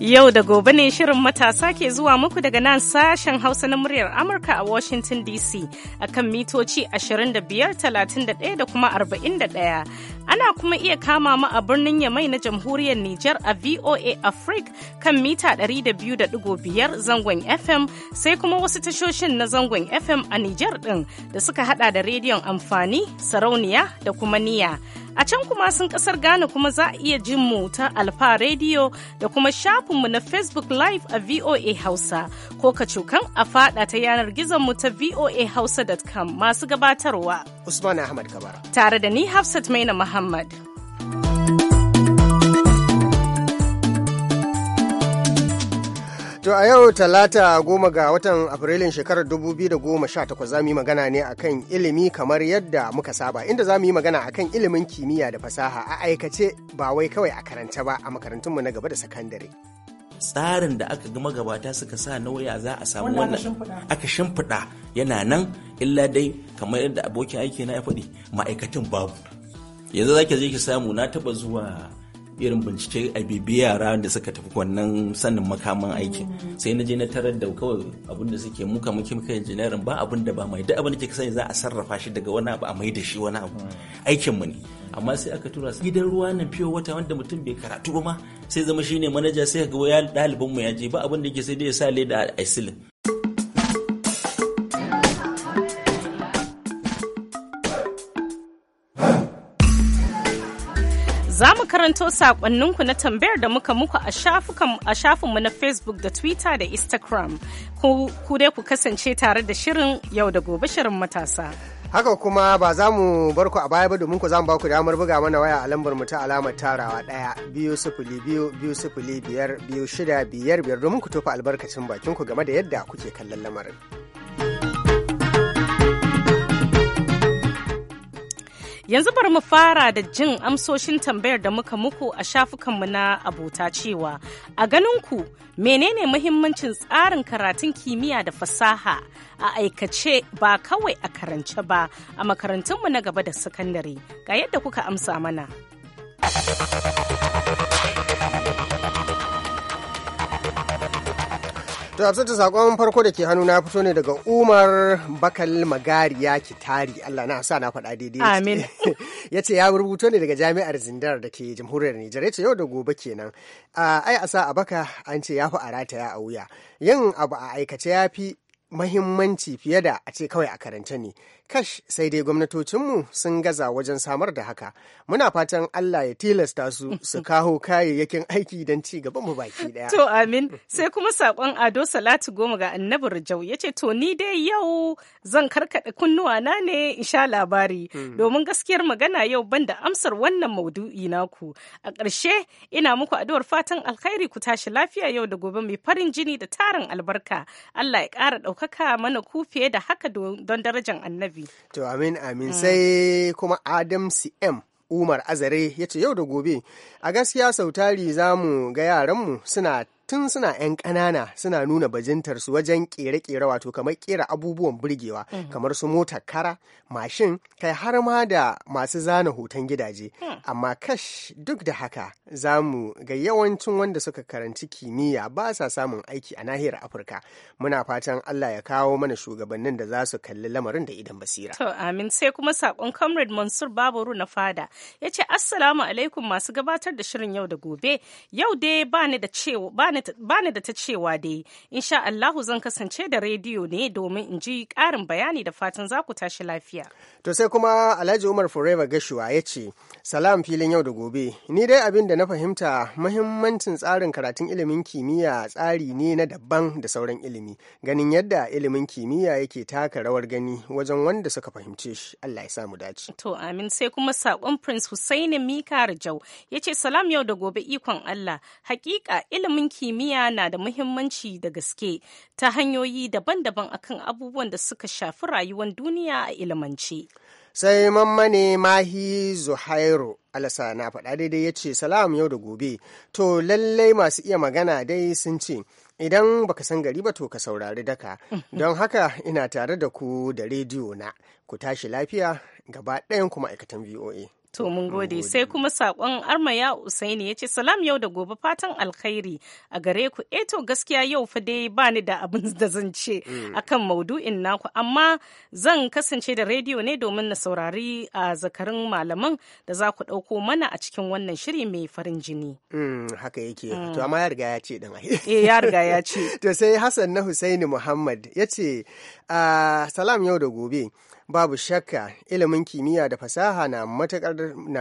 Yau da gobe ne shirin matasa ke zuwa muku daga nan sashen Hausa na muryar Amurka a Washington DC a kan mitoci 25,31 da kuma 41. Ana kuma iya kama mu a birnin Yamai na Jamhuriyar Nijar a VOA Africa kan mita 200.5 zangon FM sai kuma wasu tashoshin na zangon FM a Nijar ɗin da suka hada da rediyon amfani, sarauniya da kuma niya. A can kuma sun kasar Ghana kuma za a iya jin mu ta Alfa Radio da kuma shafinmu na Facebook Live a VOA Hausa ko ka cukan a fada ta yanar gizon mu ta voahausa.com masu gabatarwa. Usman Ahmad Kabara. Tare da ni Hafsat Maina Muhammad. To a yau talata goma ga watan Afrilun shekarar 2018 za mu yi magana ne akan ilimi kamar yadda muka saba inda za mu yi magana akan ilimin kimiyya da fasaha a aikace ba wai kawai a karanta ba a makarantunmu na gaba da sakandare. Tsarin da aka gama gabata suka sa na za a samu wannan aka shimfiɗa yana nan illa dai kamar yadda abokin aiki na ya faɗi ma'aikatan babu. Yanzu za ki je ki samu na taɓa zuwa irin bincike a bibi yara da suka tafi wannan sanin makaman aikin sai na je na tarar da kawai abin da suke muka muke muka injiniyarin ba abin da ba mai duk abin da ke sani za a sarrafa shi daga wani abu a mai da shi wani abu aikin mu ne amma sai aka tura su gidan ruwa na fiye wata wanda mutum bai karatu ba ma sai zama shine manaja sai ga ya ɗalibin mu ya je ba abin da yake sai dai ya sa leda a isilin Za mu karanto saƙonninku na tambayar da muka muku a shafinmu na Facebook da Twitter da Instagram. Ku dai ku kasance tare da shirin yau da gobe shirin matasa. haka kuma ba za mu bar ku a baya ba domin ku za mu ba ku damar buga mana waya a lambar mu ta alamar tarawa ɗaya biyu sifili biyu biyu sifili biyar biyu shida biyar biyar domin ku tofa albarkacin bakin ku game da yadda kuke kallon lamarin. Yanzu bari mu fara da jin amsoshin tambayar da muka muku a shafukanmu na abota cewa a ganinku menene muhimmancin tsarin karatun kimiyya da fasaha a aikace ba kawai a karance ba a makarantunmu na gaba da sakandare ga yadda kuka amsa mana. To Hafsatu sakon farko da ke hannu na fito ne daga Umar Bakal Magariya Kitari Allah na sa na faɗa daidai. Amin. ya ce ya rubuto ne daga Jami'ar Zindar da ke Jamhuriyar Nijar ya ce yau da gobe kenan. Ai a sa a baka an ce ya fi a rataya a wuya. Yin abu a aikace ya fi muhimmanci fiye da a ce kawai a karance ne kash sai dai gwamnatocinmu sun gaza wajen samar da haka muna fatan Allah ya tilasta su su kawo kayayyakin aiki don ci gaban mu baki daya to amin sai kuma sakon ado salatu goma ga annabi rajau yace to ni dai yau zan karkada kunnuwa na ne in sha labari hmm. domin gaskiyar magana yau ban da amsar wannan maudu'i naku a ƙarshe ina muku Adowar fatan alkhairi ku tashi lafiya yau da gobe mai farin jini da tarin albarka Allah ya ƙara ɗaukaka mana ku fiye da haka don darajar annabi gobe. To amin amin mm. sai kuma Adam CM. Umar Azare ya ce yau da gobe a gaskiya sautari za mu ga yaranmu suna tun suna 'yan ƙanana suna nuna bajintar su wajen ƙere-ƙere wato kamar ƙera abubuwan burgewa mhm. kamar su mota kara mashin kai har ma da masu zana hoton gidaje hmm. amma kash duk da haka za mu ga yawancin wanda suka karanci kimiyya ba sa samun aiki a nahiyar afirka muna fatan allah ya kawo mana shugabannin da za su kalli lamarin da idan basira to amin sai kuma saƙon comrade mansur baburu na fada ya ce assalamu alaikum masu gabatar da shirin yau da gobe yau dai ba ni da cewa bani da ta cewa dai insha Allahu zan kasance da rediyo ne domin in ji karin bayani da fatan za ku tashi lafiya. To sai kuma Alhaji Umar Forever Gashuwa ya ce salam filin yau da gobe ni dai abin da na fahimta mahimmancin tsarin karatun ilimin kimiyya tsari ne na daban da sauran ilimi ganin yadda ilimin kimiyya yake taka rawar gani wajen wanda suka fahimce shi Allah ya samu dace. To amin sai kuma saƙon Prince Hussaini Mika Rajau ya ce salam yau da gobe ikon Allah hakika ilimin kimiyya kimiyya na da muhimmanci da gaske ta hanyoyi daban-daban akan abubuwan da suka shafi rayuwar duniya a ilimance. sai mammane mahi zuhairu alasa na faɗa daidai ya ce salam yau da gobe to lallai masu iya magana dai sun ce idan baka san gari ba to ka saurari daka don haka ina tare da ku da rediyo na ku tashi lafiya gaba ɗayan kuma aikatan voa To mun gode sai kuma saƙon armaya Usaini ya ce salam yau da gobe fatan alkhairi a gare ku eh to gaskiya yau fa dai ba da abin da zan ce mm. akan maudu'in naku amma zan kasance da rediyo ne domin na saurari a zakarin malaman da za ku ɗauko mana a cikin wannan shiri mai farin jini. Mm, haka yake mm. to amma ya riga ya ce din Eh ya riga ya ce. To sai Hassan na Husaini Muhammad ya ce ah, salam yau da gobe. babu shakka ilimin kimiyya da fasaha na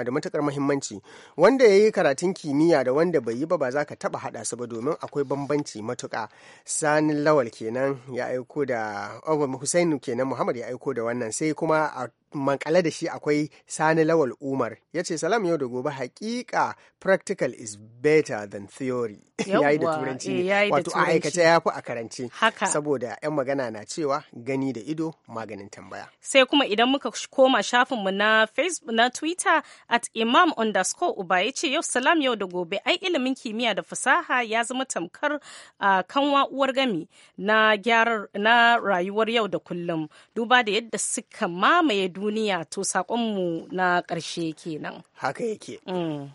da matukar muhimmanci wanda ya yi karatun kimiyya da wanda bai yi ba ba za ka taba hada su ba domin akwai bambanci matuka sani lawal kenan ya aiko da oh, Hussainu kenan muhammad ya aiko da wannan sai kuma a makale da shi akwai sani lawal umar ya ce salam yau da gobe hakika practical is better than theory yayi da turanci eh, wato a aikace ya fi a karance saboda 'yan magana na cewa gani da ido maganin tambaya sai kuma idan muka koma shafin mu na facebook na twitter at imam underscore uba ya ce yau salam yau da gobe ai ilimin kimiyya da fasaha ya zama tamkar uh, kanwa uwar gami na gyarar na rayuwar yau da kullum duba da yadda suka mamaye duniya to saƙonmu na ƙarshe kenan haka yake mm.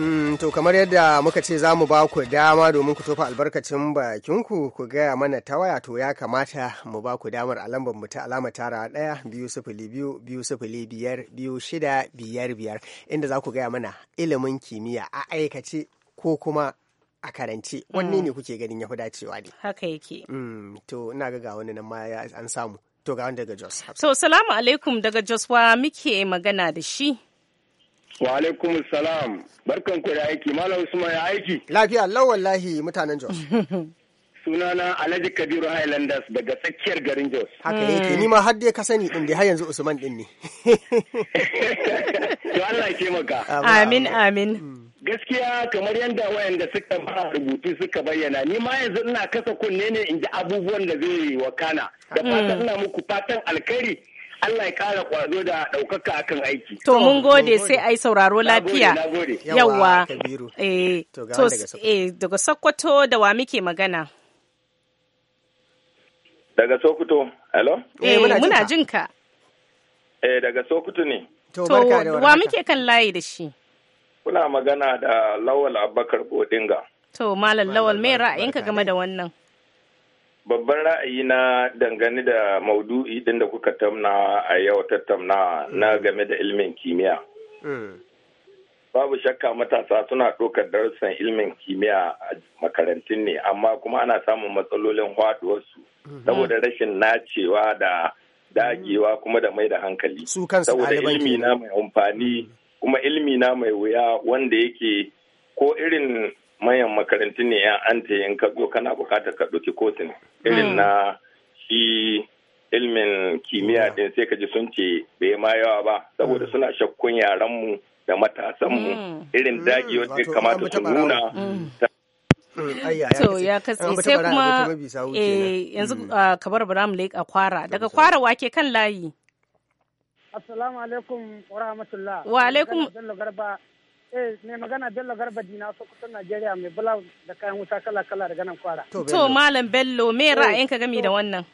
Mm, to kamar yadda muka ce za mu ba ku dama domin ku tofa albarkacin bakinku ku gaya mana ta waya to ya kamata mu ba ku damar a lambar mu ta alama tara ɗaya biyu sifili biyu biyu sifili biyar biyu shida biyar biyar inda za ku gaya mana ilimin kimiyya a aikace ko kuma a karanci wanne mm. ne kuke ganin ya fi dacewa ne haka yake mm, to ina ga ga wani nan ma an samu to ga wanda daga jos so salamu alaikum daga jos wa muke magana da shi Wa alaikum salam. Barkan ku da aiki. Malam Usman ya aiki. Lafiya lawan lahi mutanen Jos. Sunana Alhaji Kabiru Highlanders daga tsakiyar garin Jos. Haka yake hmm. ni ma har dai ka sani din da har yanzu Usman din ne. To Allah ya taimaka. Amin amin. Hmm. gaskiya kamar yadda wayanda suka fara rubutu suka bayyana ni ma yanzu ina kasa kunne ne in ji abubuwan da zai wakana da hmm. fatan ina muku fatan alkhairi Allah ya kara kwazo da ɗaukaka akan aiki. To mun gode sai ai sauraro lafiya. yawa eh, eh, daga Sokoto da wa muke magana? Daga Sokoto. Hello? Eh, eh muna jin ka. Eh, daga Sokoto ne. To, wa muke kan layi da shi? Kuna magana da Lawal Abubakar Godinga. To, Malam Lawal, me ra'ayinka game da wannan? babban ra'ayi na dangane da maudu'i din da kuka tamna a yau tattaunawa, na hmm. game da ilmin kimiyya. Hmm. Babu shakka matasa suna ɗaukar darussan ilmin kimiyya a makarantun ne, amma kuma ana samun matsalolin haɗuwarsu hmm. saboda rashin nacewa da dagewa kuma da mai da hankali. Saboda ilmi na mai amfani, kuma ilmi na mai wuya wanda yake ko irin mayan makarantun ne ya an ta yin ka kana bukatar ka ɗauki kotun irin hmm. na shi ilmin kimiyya din hmm. sai ka ji sun ce bai ma yawa ba saboda hmm. suna shakkun yaranmu da matasanmu irin dagi wanda ya kamata su nuna to ya sai kuma eh, yanzu ah, kabar Ibrahim Lake a kwara daga kwara wake kan layi Assalamu alaikum wa rahmatullah. Wa alaikum. Eh, mai magana Bello Garba Dina kusan Najeriya mai bula da kayan wuta kala-kala da nan kwara. To Malam Bello, me eh, ka gami da wannan?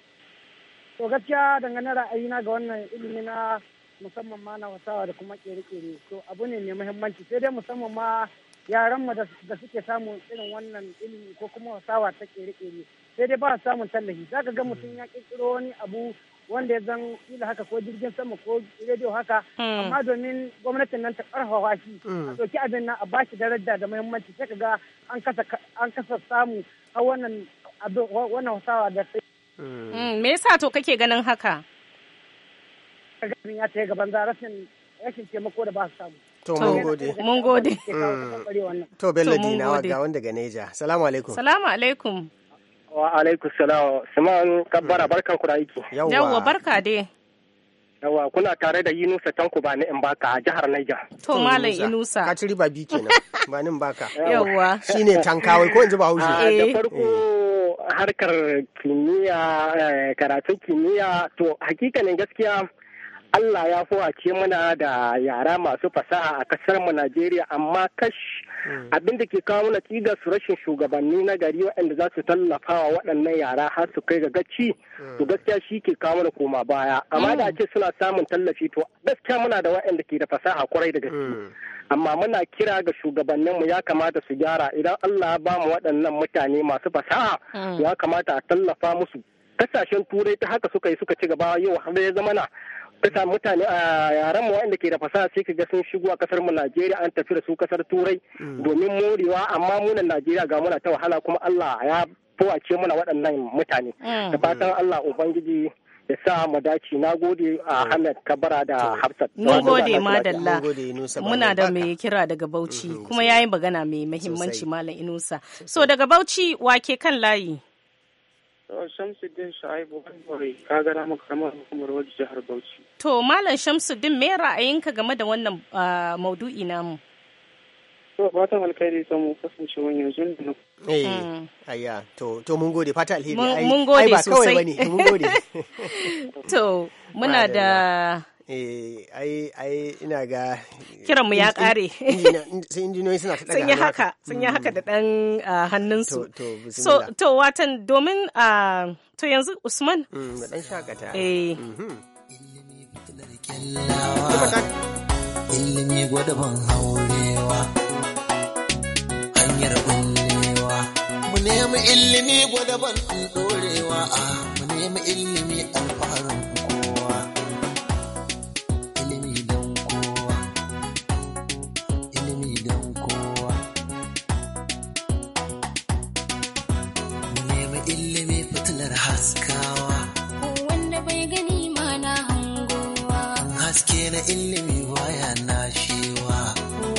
To gaskiya dangane ra'ayina ga wannan ilimi na musamman ma na wasawa da kuma kere-kere. To abu ne mai muhimmanci sai dai musamman ma yaran mu da suke samun irin wannan ilimi ko kuma wasawa ta kere-kere. Sai dai ba samun tallafi. Zaka ga mutum ya kirkiro wani abu wanda ya zan ila haka ko jirgin sama ko rediyo haka hmm. amma domin gwamnatin nan ta karfafa shi a hmm. ɗauki abin nan a bashi daraja da muhimmanci sai ga an kasa samu a wannan wannan hausawa da sai hmm. me yasa to kake ganin haka ya ta gaban rashin rashin taimako da ba su samu To mun gode. Mun gode. To Bello Dinawa ga wanda ga Neja. Salamu alaikum. Salamu alaikum. Wa alaikum salam. Suman kabbara hmm. barkan ku da aiki. Yawwa barka dai. Yawwa kuna tare da Yunusa Tanko ba in baka a jihar Niger. To malam Yunusa. Ka ciri ba bi kenan. Ba nin baka. Yawwa. Shine tankawai ko yanzu ba haushi. Da eh. farko harkar kimiyya eh, karatun kimiyya to hakikanin gaskiya Allah ya fowace muna da yara masu fasaha a kasar mu Najeriya amma kash hmm. abin ke kawo mana su rashin shugabanni na gari waɗanda za su tallafa wa waɗannan yara har su kai ga gaci to hmm. gaskiya shi ke kawo mana koma baya amma da hmm. ce suna samun tallafi to gaskiya muna da waɗanda ke da fasaha kwarai da gaske amma muna kira ga shugabanninmu ya kamata su gyara idan Allah ya bamu waɗannan mutane masu fasaha ya kamata a tallafa musu kasashen turai ta haka suka yi suka ci gaba yau har ya zama na bisa mutane a yaran mu wanda ke da fasaha sai ga sun shigo a kasar mu Najeriya an tafi da su kasar Turai mm. domin morewa amma munan Najeriya ga muna ta wahala kuma Allah ya fowace muna waɗannan mutane mm. da fatan Allah ubangiji ya sa mu dace na gode a uh, mm. Ahmed Kabara da Hafsat. mu gode madalla muna da mai kira daga Bauchi mm-hmm. kuma yayi magana mai muhimmanci Malam Inusa. So daga Bauchi wake kan layi. Shamsuddin Shaibu Bambari ka gana maka kamar hukumar wajen jihar Bauchi. To Malam Shamsuddin me ra'ayinka game da wannan uh, maudu'i namu? To fatan alkhairi sai mu kasance wani yanzu da Eh hmm. ayya to to mun gode fata alheri ai ba kawai bane mun gode. To muna da eh ai ai ina ga kiranmu ya kare sai injiniyoyi suna ta sun yi haka sun yi haka da dan mm. ah, hannunsu so to watan domin ah, to yanzu usman da mm, dan shakata eh mm-hmm. ilimi fitilar kyallawa ilimi gwada ban haurewa hanyar bullewa mu nemi ilimi gwada ban dorewa ah, mu nemi ilimi alfarin da ilimi baya nashewa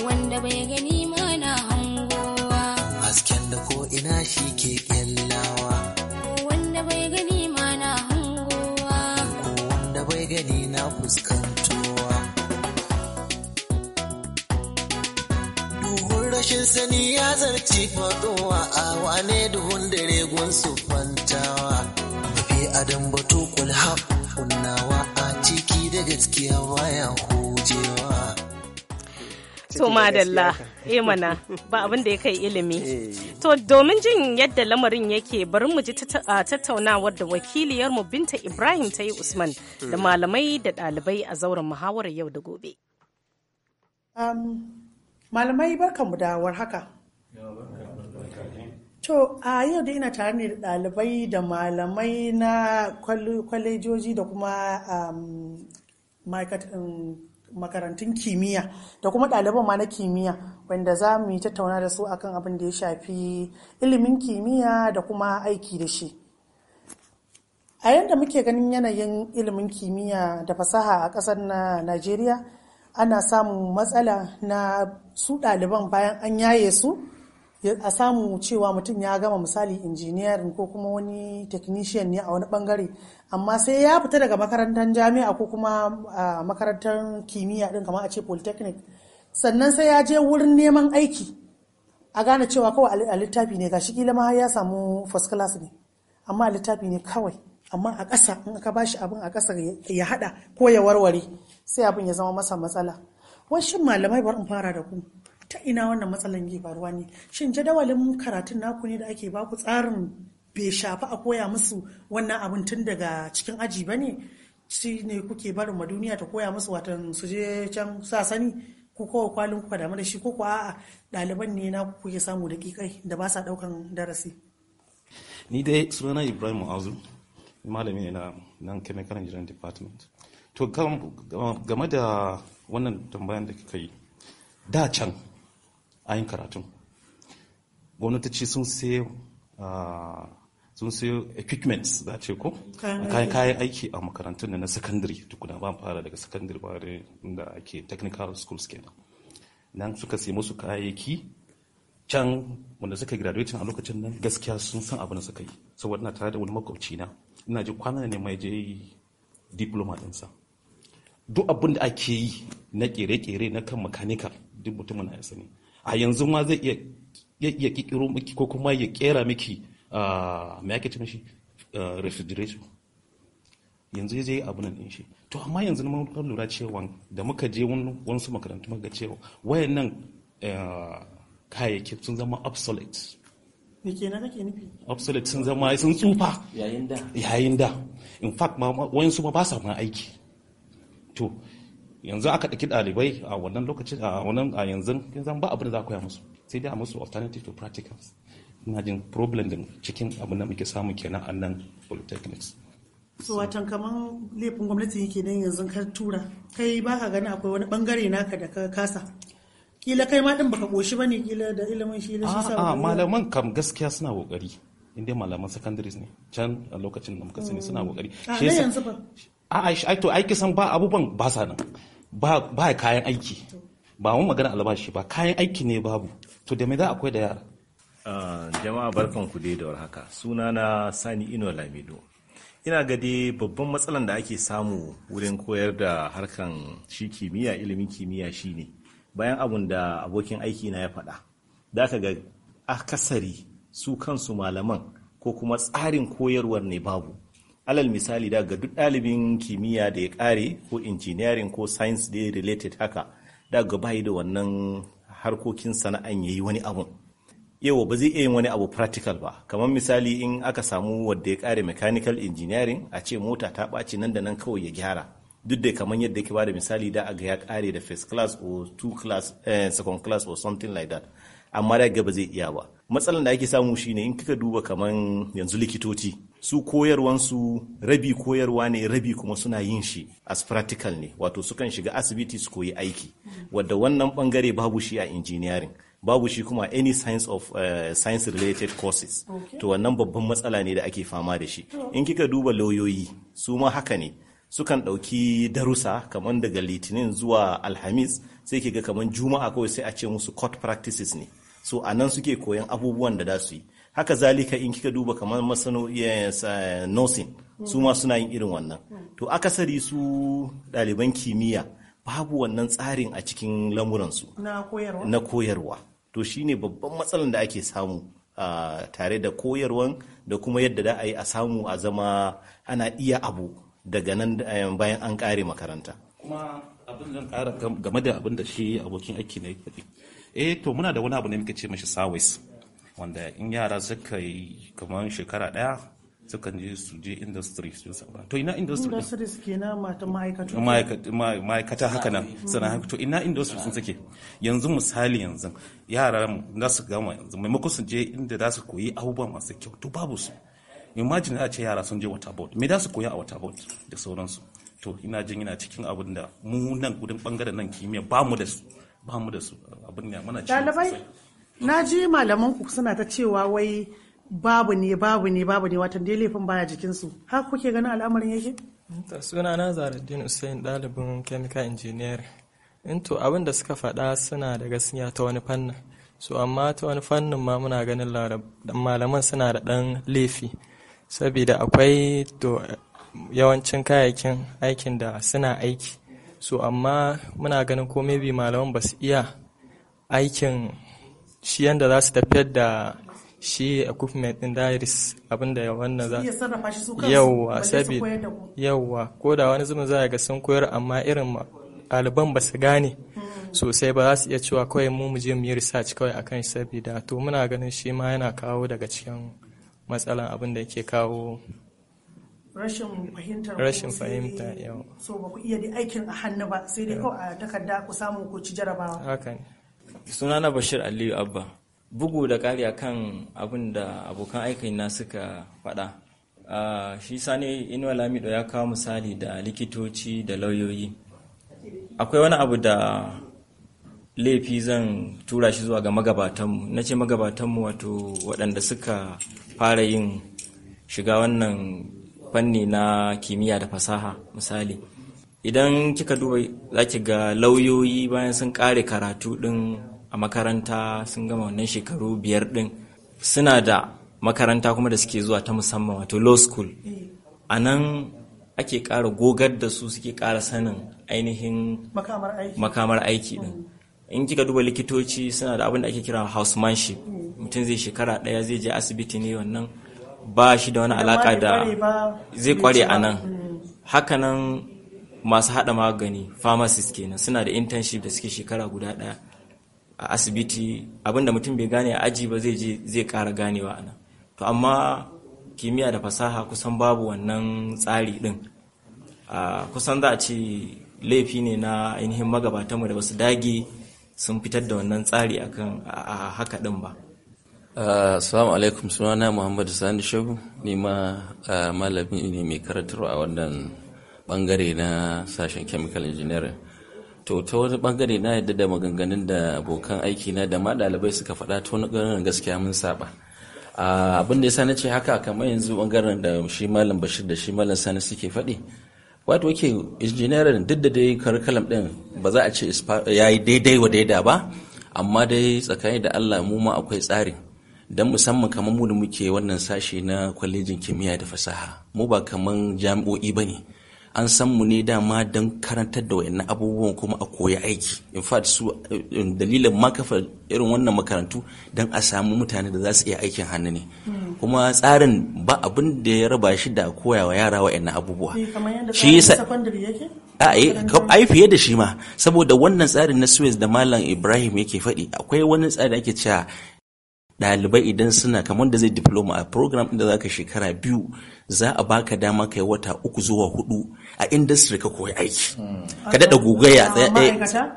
wanda bai gani mana hangowa hasken da ko ina shi ke kyallawa wanda bai gani mana hangowa ko wanda bai gani na fuskantowa duhun rashin sani ya zarci faɗowa a wane duhun dare gun su fantawa adam batu kulhaf kunnawa gaskiya baya hujewa to madalla eh, mana ba abin da ya kai ilimi eh. to domin jin yadda lamarin yake bari mu ji tattaunawar da wakiliyarmu binta ibrahim ta yi usman da hmm. malamai da ɗalibai a zauren muhawarar yau da gobe malamai barkanmu da haka. to a yau da ina tare ne da ɗalibai da malamai na kwalejoji da kuma Um, makarantun kimiyya da kuma ɗaliban ma na kimiyya wanda za mu yi tattauna da su akan abin da ya shafi ilimin kimiyya da kuma aiki da shi a yadda muke ganin yanayin ilimin kimiyya da fasaha a ƙasar na najeriya ana samun matsala na su ɗaliban bayan an yaye su a samu cewa mutum ya gama misali injiniyarin ko kuma wani technician ne a wani bangare amma sai ya fita daga makarantar jami'a ko kuma makarantar kimiyya din kamar a ce polytechnic sannan sai ya je wurin neman aiki a gane cewa kawai a littafi ne ga shi kila ma ya samu first class ne amma a littafi ne kawai amma a ƙasa in aka ba shi abin a ƙasa ya haɗa ko ya warware sai abin ya zama masa matsala wasu malamai bar in fara da ku ta ina wannan matsalan ke faruwa ne shin jadawalin karatun naku ne da ake baku tsarin bai shafi a koya musu wannan abin tun daga cikin aji ba ne shi ne kuke barin ma duniya ta koya musu watan su je can sa sani ko kawai kwalin kuka damu da shi ko kuwa a'a ɗaliban ne na kuke samu da kikai da ba sa ɗaukan darasi. ni dai sunana ibrahim ma'azu malami ne na nan chemical engineering department to game da wannan tambayan da kika yi da can ayin karatun gwamnati ce sun sayo sun sayo equipment za ce ko kayan kayan aiki a makarantun na secondary tukuna ba fara daga secondary ba da ake technical schools kenan nan suka sai musu kayayyaki can wanda suka graduating a lokacin nan gaskiya sun san abin da suka yi saboda ina tare da wani makwabci na ina ji kwanan ne mai je diploma sa duk abin da ake yi na kere-kere na kan mechanical duk mutumin na ya sani a yanzu ma zai iya ya kikiro miki ko kuma ya kera miki ah, me ake ce mishi ah, refrigerator yanzu zai yi abu nan din shi to amma yanzu mun lura cewa da muka je wasu makarantu muka cewa wayannan ah, kayayyaki sun zama obsolete me kenan kake nufi obsolete sun zama sun tsufa yayin da yayin da in fact ma wayansu ma ba sa ma aiki to yanzu aka ɗauki ɗalibai a wannan lokacin a wannan a yanzu zan ba abin da za koya musu sai dai a musu alternative to practicals ina jin problem din cikin abin da muke samu kenan a nan polytechnics so watan kaman laifin gwamnati yake nan yanzu ka tura kai ba ka gani akwai wani bangare naka da ka kasa kila kai ma din baka koshi ne kila da ilimin shi da shi sa malaman kam gaskiya suna kokari inda malaman secondaries ne can a lokacin da muka sani suna kokari mm. shi yasa a ai to aiki san ba abubuwan ba sa nan ba kayan aiki ba mun magana albashi ba kayan aiki ne babu to da me za akwai da yara ah, jama'a barkan ku dai da warhaka na sani ino lamido ina ga dai babban matsalan da ake samu wurin koyar da harkan shi kimiyya ilimin kimiyya shine bayan abun da abokin aiki na ya faɗa da ka ga akasari su kansu malaman ko kuma tsarin koyarwar ne babu alal misali da ga duk ɗalibin kimiyya da ya kare ko engineering ko science da related haka daga bayi da wannan harkokin sana'an ya yi wani abu yawa ba zai iya yin wani abu practical ba kamar misali in aka samu wadda ya kare mechanical engineering a ce mota ta ɓaci nan da nan kawai ya gyara duk da kamar yadda ke bada misali da aga ya kare da first class or two class eh, second class or something like that amma da ba zai iya ba matsalan da ake samu shine in kika duba kamar yanzu likitoci su koyarwansu rabi koyarwa ne rabi kuma suna yin shi as practical ne wato sukan shiga asibiti su koyi aiki wadda wannan bangare babu shi a engineering babu shi kuma any science of uh, science related courses okay. to wannan babban matsala ne da ake fama da shi in kika duba lauyoyi su ma haka ne sukan ɗauki darussa kamar daga litinin zuwa alhamis sai ke ga kamar juma'a kawai sai a ce musu court practices ne so anan suke koyan abubuwan da za su yi haka zalika in kika duba kamar masano'in nursing su ma suna yin irin wannan to akasari su ɗaliban kimiyya babu wannan tsarin a cikin lamuransu na koyarwa to shine babban matsalan da ake samu tare da koyarwan da kuma yadda da a yi a samu a zama ana iya abu daga nan eh, bayan an kare makaranta kuma abin zan kara game da abin da shi abokin aiki na ne eh to muna da wani abu ne muka ce mashi sawis wanda in yara suka yi kamar shekara daya sukan je su je industry su saba to ina industry industry suke na mata ma'aikatu ma'aikata haka nan sana to ina industry sun suke yanzu misali yanzu yara da su gama yanzu maimakon su je inda za su koyi abubuwa masu kyau to babu su imagine a ce yara sun je board me za su koya a water-board da sauransu to ina jin yana cikin abin da mu nan gudun bangaren nan kimiyya ba mu da su ba mu da su abin ne mana ci na ji malaman ku suna ta cewa wai babu ne babu ne babu ne watan dai laifin baya jikinsu har kuke ganin al'amarin yake ta suna na zaradin usain ɗalibin chemical engineer to abin da suka faɗa suna da gaskiya ta wani fannin so amma ta wani fannin ma muna ganin malaman suna da ɗan laifi saboda akwai to yawancin kayayyakin aikin da suna aiki so amma muna ganin ko maybe malaman ba su iya aikin shi yanda za su tafiyar da shi equipment din diaries abinda ya wannan za yawwa sabi yawwa ko da wani zuma za ga sun koyar amma irin ɗaliban ba su gane hmm. sosai ba za su iya cewa kawai mu mu je mu yi research kawai akan shi sabida to muna ganin shi ma yana kawo daga cikin matsalan abin da yake kawo rashin rashin fahimta yau so ba ku iya da aikin a hannu ba sai dai kawai a takarda ku samu ku ci jarabawa haka ne sunana bashir aliyu abba bugu da ƙari kan abin da abokan aikina suka faɗa shi sani inuwa lamido ya kawo misali da likitoci da lauyoyi akwai wani abu da laifi zan tura shi zuwa ga magabatanmu na ce magabatanmu wato waɗanda suka fara yin shiga wannan fanni na kimiyya da fasaha misali idan kika duba za ki ga lauyoyi bayan sun kare karatu ɗin a makaranta sun gama wannan shekaru biyar din suna da makaranta kuma da suke zuwa ta musamman wato law school a nan ake ƙara gogar da su suke ƙara sanin ainihin makamar aiki din in kika duba likitoci suna da abin da ake kira housemanship mutum zai shekara ɗaya zai je asibiti ne wannan ba shi da wani alaka da zai kware a nan mm. hakanan masu haɗa magani pharmacist kenan suna da internship da suke shekara guda ɗaya a asibiti abinda mutum bai gane a aji ba zai je zai ƙara ganewa ana to amma kimiyya da fasaha kusan babu wannan tsari ɗin, kusan za a ce laifi ne na ainihin magabatanmu da basu dage sun fitar da wannan tsari akan a haka din ba assalamu alaikum sunana muhammadu sani shehu ni ma malami ne mai karantarwa a wannan bangare na sashen chemical engineering to ta wani bangare na yadda da maganganun da abokan aiki na da ma ɗalibai suka faɗa ta wani ɓangaren gaskiya mun saba abin da ya sani ce haka kamar yanzu bangaren da shi malam bashir da shi malam sani suke faɗi wato ke injiniyarin duk da dai curriculum ɗin ba za a ce ya yi daidai wa daida ba amma dai tsakani da allah mu ma akwai tsari don musamman kamar mu da muke wannan sashi na kwalejin kimiyya da fasaha mu ba kamar jami'o'i ba ne an san mu ne dama don karantar da wayannan abubuwan kuma a koya aiki in fact su eh, dalilin ma irin wannan makarantu don a samu mutane da za su iya aikin hannu ne hmm. kuma tsarin ba abin da ya raba shi da koya wa yara wayannan abubuwa eh, shi yasa eh, ai fiye da shi ma saboda wannan tsarin na Suez da Malam Ibrahim yake faɗi akwai wani tsari ake cewa dalibai idan suna kamar da zai diploma a program inda zaka shekara biyu za a baka dama kai wata uku zuwa hudu a industry ka koyi aiki hmm. ka daɗa gogaya eh,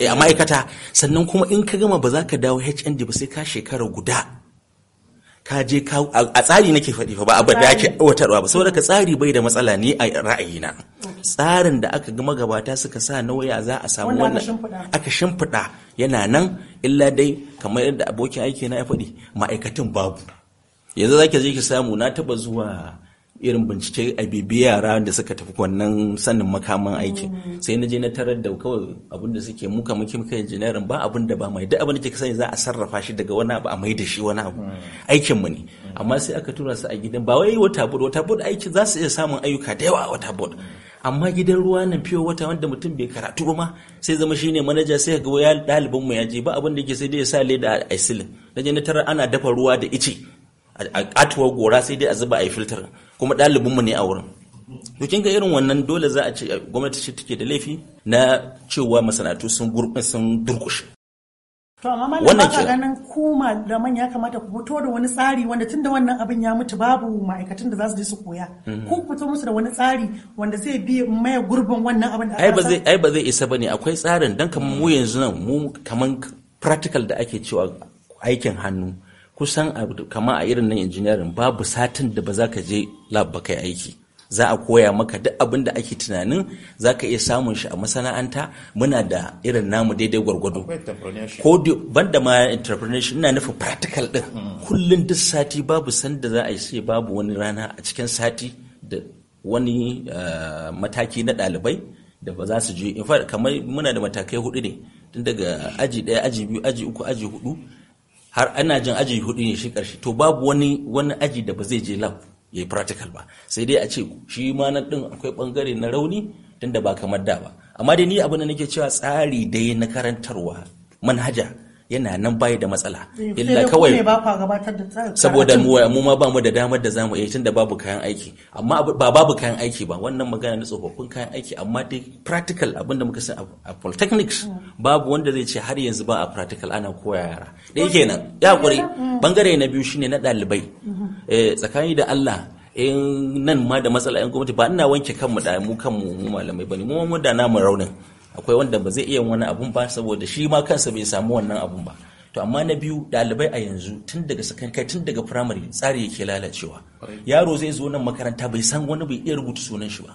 eh, a ma'aikata sannan kuma in ka gama ba za ka dawo hnd ba sai ka shekara guda ka je ka a tsari nake faɗi fa ba a bada yake watarwa ba saboda ka tsari bai da matsala ni a ra'ayina tsarin da aka ga magabata suka sa na waya za a samu wannan aka shimfiɗa yana nan illa dai kamar yadda abokin aiki na ya faɗi ma'aikatan babu yanzu zaki je ki samu na taba zuwa irin bincike a bibi yara da suka tafi wannan sanin makaman aiki mm. sai na je na tarar da kawai abin da suke muka muke muka injiniyarin ba abin da ba mai duk abin da kika sani za a sarrafa shi daga wani abu a mai da shi wani abu mm. aikin mu ne mm. amma sai aka tura su a gidan ba wai wata bud wata bud aiki za su iya samun ayyuka da yawa a wata bud amma gidan ruwa nan fiye wata wanda mutum bai karatu ba ma sai zama shine manaja sai ga ya ɗalibin mu ya je ba abin da ke sai dai ya sa leda a aisilin na je na tarar ana dafa ruwa da ice a katuwar gora sai dai a zuba a yi filtar kuma ɗalibinmu ne a wurin to kin ga irin wannan dole za a ce gwamnati ce take da laifi na cewa masana'antu sun gurbin sun durkushe to amma malam ba ganin da man ya kamata ku fito da wani tsari wanda tun da wannan abin ya mutu babu ma'aikatan da za su je su koya mhm. ku fito musu da wani tsari wanda zai bi maye gurbin wannan abin da aka ba zai ai ba zai isa bane akwai tsarin dan kamar mu yanzu nan mu kamar practical da ake cewa aikin hannu kusan kama a irin nan injiniyarin babu satin da ba za ka je lab ba kai aiki za a koya maka duk abin da ake tunanin za ka iya samun shi a masana'anta muna da irin namu daidai gwargwado ko banda ma entrepreneurship ina nufin practical din mm. kullum duk sati babu sanda za a yi sai babu wani rana a cikin sati da wani eh, mataki na ɗalibai da ba za su je kamar muna da matakai hudu ne tun daga aji ɗaya aji biyu aji uku aji hudu har ana jin aji hudu ne shi karshe to babu wani wani aji da ba zai je lab yayi yi practical ba sai dai a ce shi ma na din akwai bangare na rauni tunda ba kamar da ba amma dai ni abin da nake cewa tsari dai na karantarwa manhaja yana nan bayi da matsala eh, illa kawai saboda mu ma ba mu da damar da zamu iya da babu kayan aiki amma ba babu kayan aiki ba wannan magana na tsofaffin kayan aiki amma dai practical abin da muka san a polytechnics hmm. babu wanda zai ce har yanzu ba a practical ana koya yara da kenan ya hmm. kuri hmm. bangare na biyu shine na ɗalibai eh, tsakani da Allah in nan ma da matsala yan gwamnati ba ina wanke kanmu da mu kanmu mu malamai bane mu mu da namu raunin akwai wanda ba zai iya wani abun ba saboda shi ma kansa bai samu wannan abun ba to amma na biyu dalibai a yanzu tun daga sakankai tun daga firamare tsari yake lalacewa yaro zai zo nan makaranta bai san wani bai iya rubuta sunan shi ba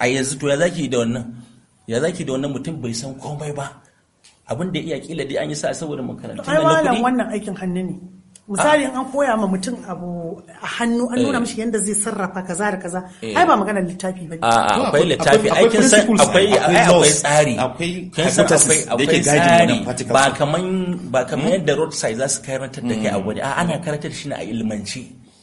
a yanzu to ya zaki da wannan ya zaki da wannan mutum bai san komai ba abin da iya kila dai an yi sa saboda makaranta ai malam wannan aikin hannu ne misali an koya ma mutum abu a hannu an nuna eh. mishi yadda zai sarrafa kaza da kaza eh. ai ba maganar littafi ba a akwai littafi aikin san akwai akwai tsari akwai kin akwai tsari ba kaman ba kaman hmm? yadda road side za su karantar da kai a gwani hmm. hmm. a ana karantar shi ne a ilmanci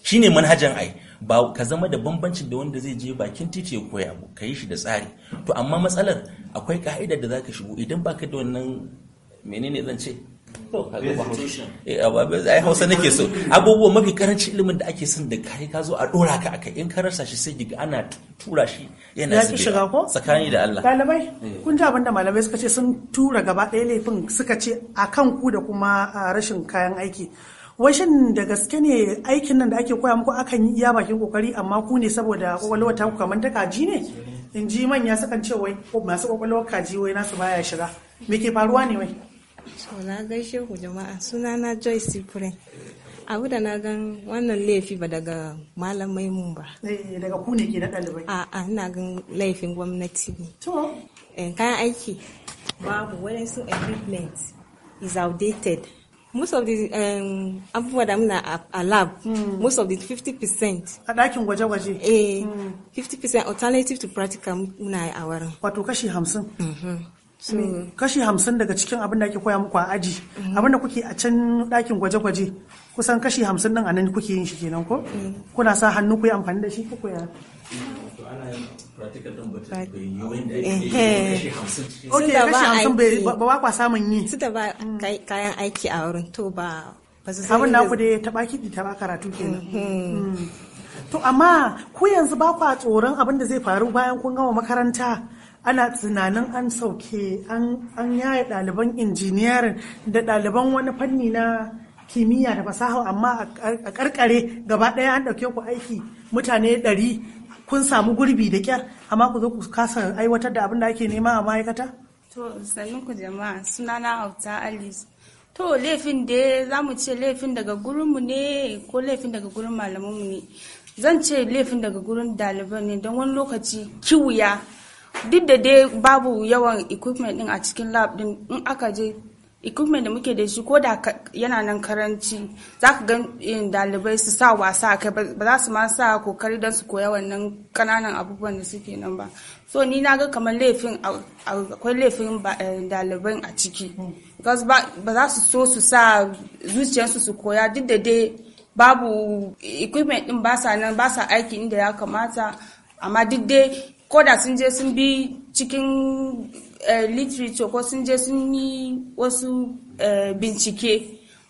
shine manhajan ai ba ka zama da bambanci da wanda zai je bakin titi ya koya abu ka yi shi da tsari to amma matsalar akwai ka'idar da zaka shigo idan baka da wannan menene zan ce ai hausa nake so abubuwa mafi karancin ilimin da ake son da kai ka zo a dora ka akai in ka rasa shi sai ga ana tura shi yana shiga ko tsakani da Allah malamai eh. kun ji da malamai suka ce sun tura gaba ɗaya laifin suka ce a kan ku da kuma rashin kayan aiki washin da gaske ne aikin nan da ake koya muku akan yi iya bakin kokari amma ku ne saboda kwakwalwa ta ku kamar ta kaji ne in ji manya sukan ce wai masu kwakwalwar kaji wai nasu baya shiga me ke faruwa ne wai Sola na gaishe ku jama'a sunana Joyce Ciprin. Abu da na gan wannan laifi ba daga malamai mun ba. Eh, daga ku ne ke da ɗalibai. A'a ina gan laifin gwamnati ne. To. Eh, kayan aiki babu su equipment is outdated. most of the um, abubuwa da muna a lab hmm. most of the 50 a ɗakin gwaje-gwaje eh 50 hmm. alternative to practical muna a wurin wato kashi hamsin mhm. Hmm. kashi hamsin daga cikin abin da ake koya muku a aji hmm. abin da kuke a can ɗakin gwaje-gwaje kusan kashi hamsin nan a nan kuke yin shi kenan ko hmm. kuna sa hannu ku yi amfani da shi ko ku ya ok kashi hamsin ba kwa samun yi su da ba kayan aiki a wurin to ba abin da ku da taɓa kiɗi taɓa karatu kenan to amma ku yanzu ba kwa tsoron abin da zai faru bayan kun gama makaranta ana tunanin an sauke an yaya ɗaliban injiniyarin da ɗaliban wani fanni na kimiyya da fasaha amma a karkare gaba ɗaya an ɗauke ku aiki mutane ɗari kun samu gurbi da kyar amma ku zo ku kasa aiwatar da abin da ake nema a ma'aikata? to sannin ku jama'a sunana auta alice to laifin da za mu ce laifin daga gurinmu ne ko laifin daga gurin malamanmu ne zan ce laifin daga gurin ɗaliban ne don wani lokaci kiwuya duk da dai babu yawan equipment din a cikin lab din in aka je equipment da muke da shi ko da yana nan karanci za ka ga eh, dalibai su sa wasa kai ba za su ma sa kokari don su koya wannan kananan abubuwan da suke nan ba so ni na ga kamar laifin akwai laifin eh, daliban a ciki ba za su so su sa zuciyarsu su koya duk da dai babu equipment din ba sa nan ba sa aiki inda ya kamata amma duk dai ko da sun je sun bi cikin eh, literature ko sun je sun yi wasu eh, bincike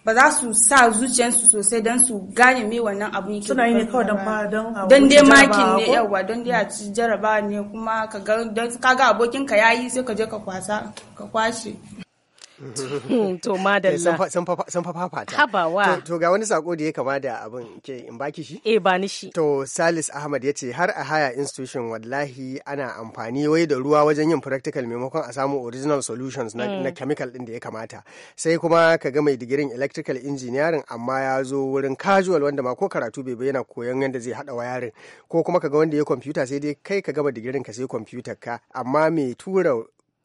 ba za su sa zuciyarsu sosai don su gane me wannan abu yake suna yi ne kawai don ma don don dai makin ne yawa don dai a ci jaraba ne kuma ka ga abokinka ya yi sai ka je ka kwasa ka kwashe Hmm, to madalla eh, sun fafafa ta habawa to ga wani sako da ya kama da abin ke in baki shi eh ba ni shi to salis ahmad ya ce har a haya institution wallahi ana amfani wai da ruwa wajen yin practical maimakon a samu original solutions na, hmm. na chemical din da ya kamata sai kuma ka ga mai digirin electrical engineering amma ya zo wurin casual wanda ma ko karatu bai bayyana koyon yadda zai haɗa wayarin ko kuma ka ga wanda ya computer sai dai kai ka gama digirin ka sai computer ka amma mai tura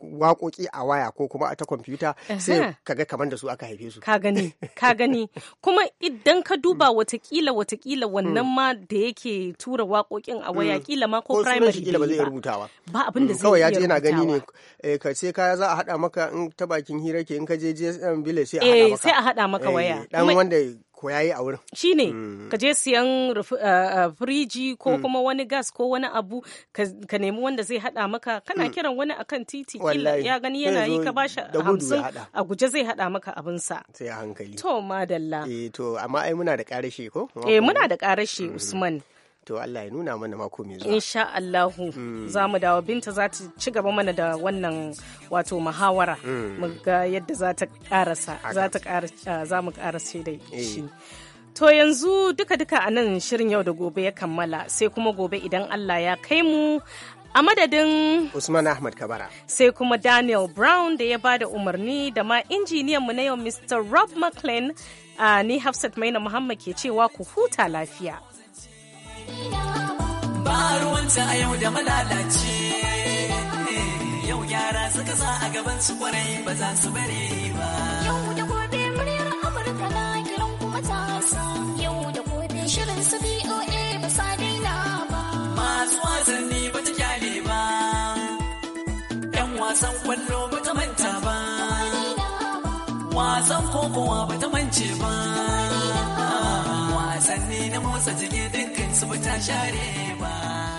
waƙoƙi a waya ko kuma ta kwamfuta sai kaga kamar da su aka haife su ka gani ka gani kuma idan ka duba watakila watakila wannan hmm. ma da yake tura waƙoƙin a waya hmm. kila ma ko primary kila ba zai rubutawa ba abin da hmm. zai kawai ya yana gani ne eh, ka ce ka za a hada maka in ta bakin hira ke in ka je je bile sai a hada eh, maka sai a hada maka eh, waya dan wanda ko yi a wurin ne, hmm. ka je siyan eh, eh, firiji ko hmm. kuma wani gas ko wani abu ka nemi wanda zai hada maka kana hmm. kiran wani akan titi kila ya gani yana yi ka bashi hamsin a guje zai hada maka abinsa sai a hankali to madalla eh to amma ai muna da karashe ko eh muna da karashe usman to Allah ya nuna mana mako mai zuwa insha Allahu mm. za mu dawo binta za ta ci gaba mana da wannan wato muhawara mm. mu ga yadda za ta karasa za ta karasa ah, za mu karasa dai. Eh. shi To yanzu duka-duka a nan shirin yau da gobe ya kammala sai kuma gobe idan Allah ya kai mu a madadin Usman Ahmad Kabara sai kuma Daniel Brown da ya ba da umarni da ma injiniyan mu na yau Mr. Rob McLean uh, ni Hafsat Maina Muhammad ke cewa ku huta lafiya. Ba ruwanta a yau da malalace. Yau yara suka sa a gaban su kwarai ba za su bari ba. Yau da gobe muryar Amurka na kiran kuma tasa. Yau da gobe shirin su BOA ba sa daina ba. Masu wasanni ba ta kyale ba. Yan wasan kwallo ba ta manta ba. Wasan kokowa ba ta mance ba. motsa jini dinkin su ba ta share ba